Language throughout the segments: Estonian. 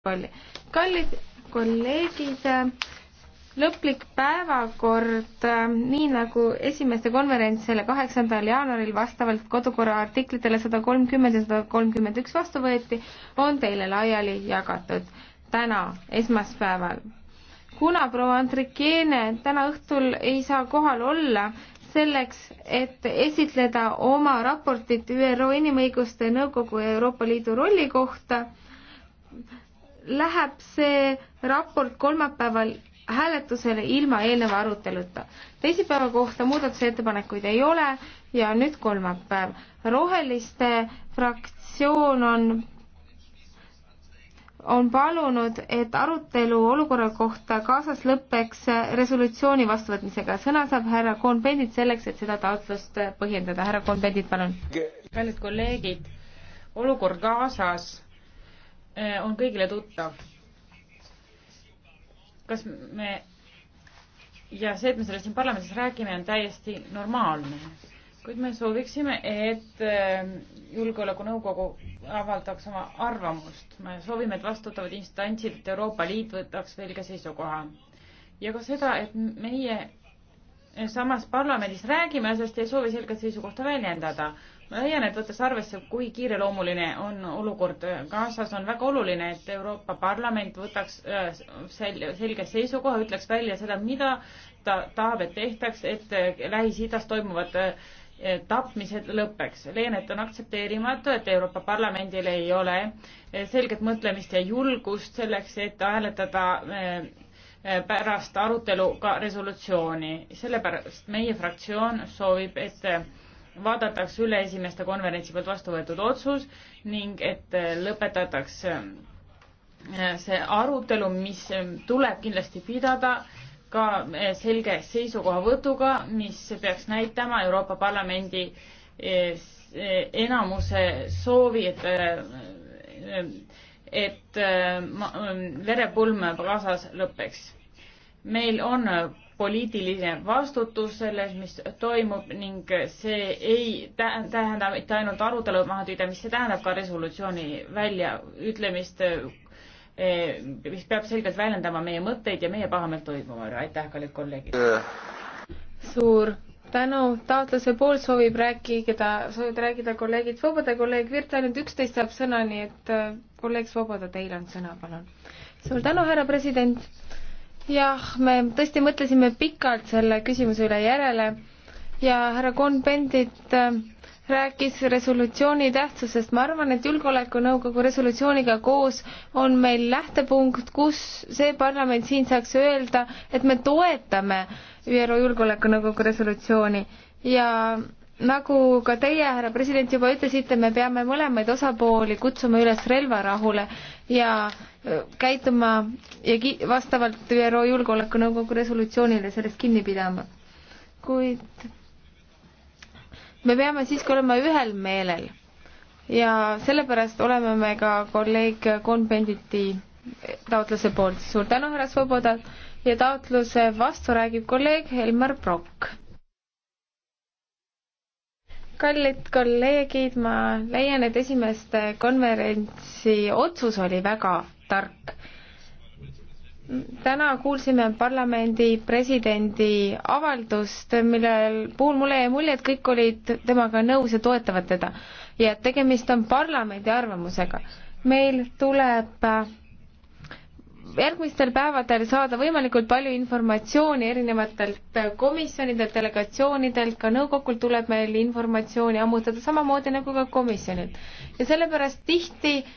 protokolli. kallid kolleegid, lõplik päevakord, äh, nii nagu esimeste konverents selle kaheksandal jaanuaril vastavalt kodukorra artiklitele sada kolmkümmend ja sada kolmkümmend üks vastu võeti, on teile laiali jagatud täna, esmaspäeval. kuna proua Andrikiene täna õhtul ei saa kohal olla, selleks, et esitleda oma raportit ÜRO Inimõiguste Nõukogu ja Euroopa Liidu rolli kohta, läheb see raport kolmapäeval hääletusele ilma eelneva aruteluta. teisipäeva kohta muudatusettepanekuid ei ole ja nüüd kolmapäev. roheliste fraktsioon on, on palunud, et arutelu olukorra kohta kaasas lõpeks resolutsiooni vastuvõtmisega. sõna saab härra Kohn-Pendit selleks, et seda taotlust põhjendada. härra Kohn-Pendit, palun. kallid kolleegid, olukord Gazas Äh, on kõigile tuttav. kas me ja see, et me sellest siin parlamendis räägime, on täiesti normaalne. kuid me sooviksime, et äh, Julgeolekunõukogu avaldaks oma arvamust. me soovime, et vastutavad instantsid, et Euroopa Liit võtaks veel ka seisukoha. ja ka seda, et meie samas parlamendis räägime asjast ja ei soovi selget seisukohta väljendada. ma leian, et võttes arvesse, kui kiireloomuline on olukord Gazas, on väga oluline, et Euroopa Parlament võtaks äh, sel-, selge seisukoha, ütleks välja seda, mida ta tahab, et tehtaks, et Lähis-Idas toimuvad äh, tapmised lõpeks. leian, et on aktsepteerimatu, et Euroopa Parlamendil ei ole äh, selget mõtlemist ja julgust selleks, et hääletada Eh, pärast arutelu ka resolutsiooni. sellepärast meie fraktsioon soovib, et eh, vaadataks üle esimeste konverentsi poolt vastu võetud otsus ning et eh, lõpetataks see arutelu, mis tuleb kindlasti pidada ka selge seisukohavõtuga, mis peaks näitama Euroopa Parlamendi enamuse soovi, et et äh, verepulm Gazas lõpeks. meil on poliitiline vastutus selles, mis toimub ning see ei tähenda mitte ainult arutelu mahapidamist, see tähendab ka resolutsiooni väljaütlemist, äh, mis peab selgelt väljendama meie mõtteid ja meie pahameelt toimuma. aitäh, kallid kolleegid! Äh. suur tänu taotluse poolt soovib rääkida, soovib rääkida kolleegid Svoboda, kolleeg Virt, ainult üksteist saab sõna, nii et äh, kolleeg Svoboda, teil on sõna, palun. suur tänu, härra president. jah, me tõesti mõtlesime pikalt selle küsimuse üle järele ja härra Kohn-Pendit äh, rääkis resolutsiooni tähtsusest. ma arvan, et Julgeolekunõukogu resolutsiooniga koos on meil lähtepunkt, kus see parlament siin saaks öelda, et me toetame ÜRO Julgeolekunõukogu resolutsiooni ja nagu ka teie, härra president, juba ütlesite, me peame mõlemaid osapooli kutsuma üles relvarahule ja äh, käituma ja ki-, vastavalt ÜRO Julgeolekunõukogu resolutsioonile sellest kinni pidama. kuid me peame siiski olema ühel meelel ja sellepärast oleme me ka kolleeg Kohn-Benditi taotluse poolt. suur tänu, härra Svoboda ja taotluse vastu räägib kolleeg Helmar Brock. kallid kolleegid, ma leian, et esimeste konverentsi otsus oli väga tark täna kuulsime parlamendi presidendi avaldust, millel puhul mulle jäi mulje, et kõik olid temaga nõus ja toetavad teda ja et tegemist on parlamendi arvamusega. meil tuleb järgmistel päevadel saada võimalikult palju informatsiooni erinevatelt komisjonidelt, delegatsioonidelt, ka nõukogult tuleb meil informatsiooni ammutada, samamoodi nagu ka komisjonilt. ja sellepärast tihti äh,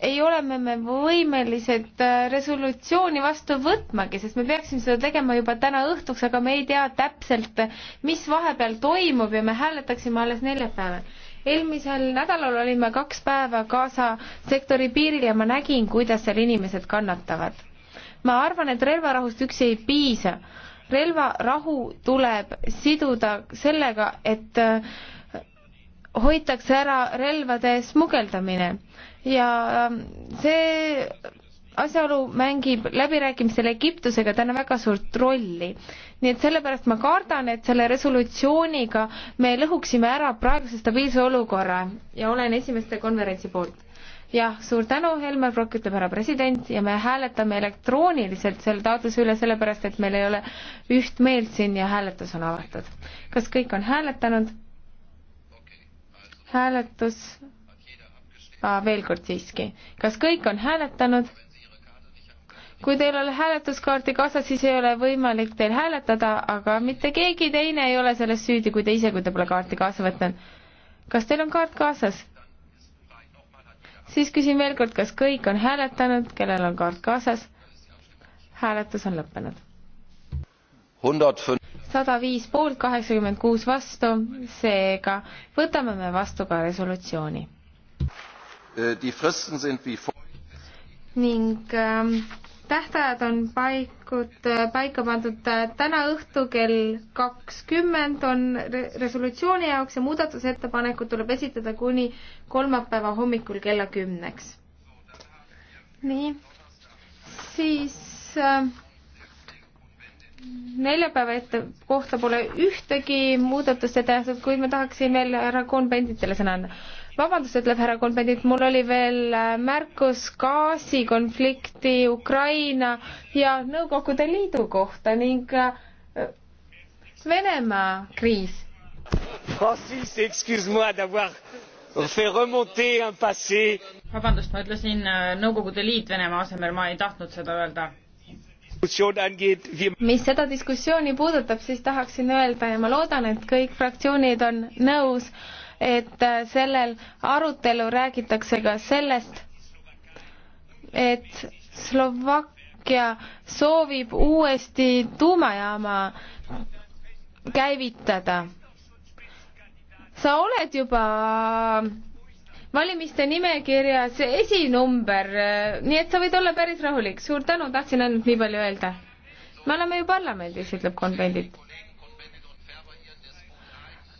ei ole me, me võimelised äh, resolutsiooni vastu võtmagi, sest me peaksime seda tegema juba täna õhtuks, aga me ei tea täpselt, mis vahepeal toimub ja me hääletaksime alles neljapäeval. eelmisel nädalal olime kaks päeva Gaza sektori piiril ja ma nägin, kuidas seal inimesed kannatavad. ma arvan, et relvarahust üksi ei piisa. relvarahu tuleb siduda sellega, et äh, hoitakse ära relvade smugeldamine ja ähm, see asjaolu mängib läbirääkimistel Egiptusega täna väga suurt rolli. nii et sellepärast ma kardan, et selle resolutsiooniga me lõhuksime ära praeguse stabiilse olukorra ja olen esimeste konverentsi poolt. jah, suur tänu, Helmer Brock ütleb härra president ja me hääletame elektrooniliselt selle taotluse üle, sellepärast et meil ei ole üht meelt siin ja hääletus on avatud. kas kõik on hääletanud? hääletus ah,, veel kord siiski, kas kõik on hääletanud? kui teil ei ole hääletuskaarti kaasas, siis ei ole võimalik teil hääletada, aga mitte keegi teine ei ole selles süüdi, kui te ise, kui te pole kaarti kaasa võtnud. kas teil on kaart kaasas? siis küsin veel kord, kas kõik on hääletanud, kellel on kaart kaasas? hääletus on lõppenud sada viis poolt, kaheksakümmend kuus vastu, seega võtame me vastu ka resolutsiooni. ning äh, tähtajad on paikud, paika pandud äh, täna õhtu kell kakskümmend on re resolutsiooni jaoks ja muudatusettepanekud tuleb esitada kuni kolmapäeva hommikul kella kümneks. nii, siis äh, neljapäeva ette kohta pole ühtegi muudatust ette nähtud, kuid ma tahaksin veel härra Kohn-Benditele sõna anda. vabandust, ütleb härra Kohn-Bendit, mul oli veel äh, märkus gaasikonflikti Ukraina ja Nõukogude Liidu kohta ning äh, Venemaa kriis. Francis, excuse-moi d'avoir fait remonter un passé. vabandust, ma ütlesin äh, Nõukogude Liit Venemaa asemel, ma ei tahtnud seda öelda mis seda diskussiooni puudutab, siis tahaksin öelda ja ma loodan, et kõik fraktsioonid on nõus, et äh, sellel arutelu räägitakse ka sellest, et Slovakkia soovib uuesti tuumajaama käivitada. sa oled juba valimiste nimekirjas esinumber, nii et sa võid olla päris rahulik. suur tänu, tahtsin ainult nii palju öelda. me oleme ju parlamendis, ütleb konvendit.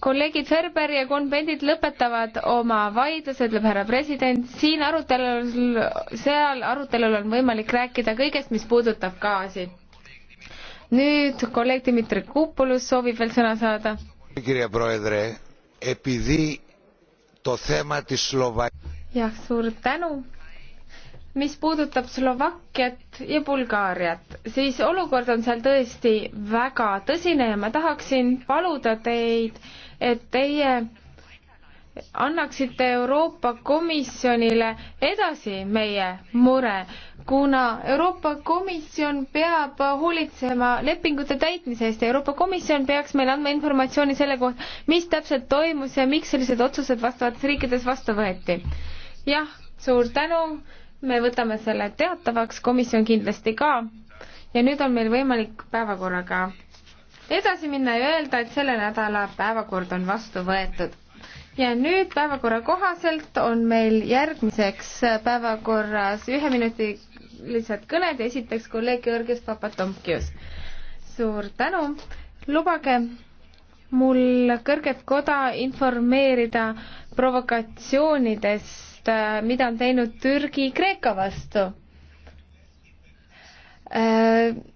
kolleegid Ferber ja konvendid lõpetavad oma vaidlused, ütleb härra president. siin arutelul, seal arutelul on võimalik rääkida kõigest, mis puudutab gaasi. nüüd kolleeg Dmitri Kupulus soovib veel sõna saada. kirja proedre, epidi jah, suur tänu. mis puudutab Slovakkiat ja Bulgaariat, siis olukord on seal tõesti väga tõsine ja ma tahaksin paluda teid, et teie annaksite Euroopa Komisjonile edasi meie mure kuna Euroopa Komisjon peab hoolitsema lepingute täitmise eest ja Euroopa Komisjon peaks meile andma informatsiooni selle kohta, mis täpselt toimus ja miks sellised otsused vastavates riikides vastu võeti. jah, suur tänu, me võtame selle teatavaks, komisjon kindlasti ka. ja nüüd on meil võimalik päevakorraga edasi minna ja öelda, et selle nädala päevakord on vastu võetud ja nüüd päevakorra kohaselt on meil järgmiseks päevakorras ühe minuti suulised kõned, esiteks kolleeg Georgios Papatomkius. suur tänu, lubage mul kõrget koda informeerida provokatsioonidest, mida on teinud Türgi Kreeka vastu äh,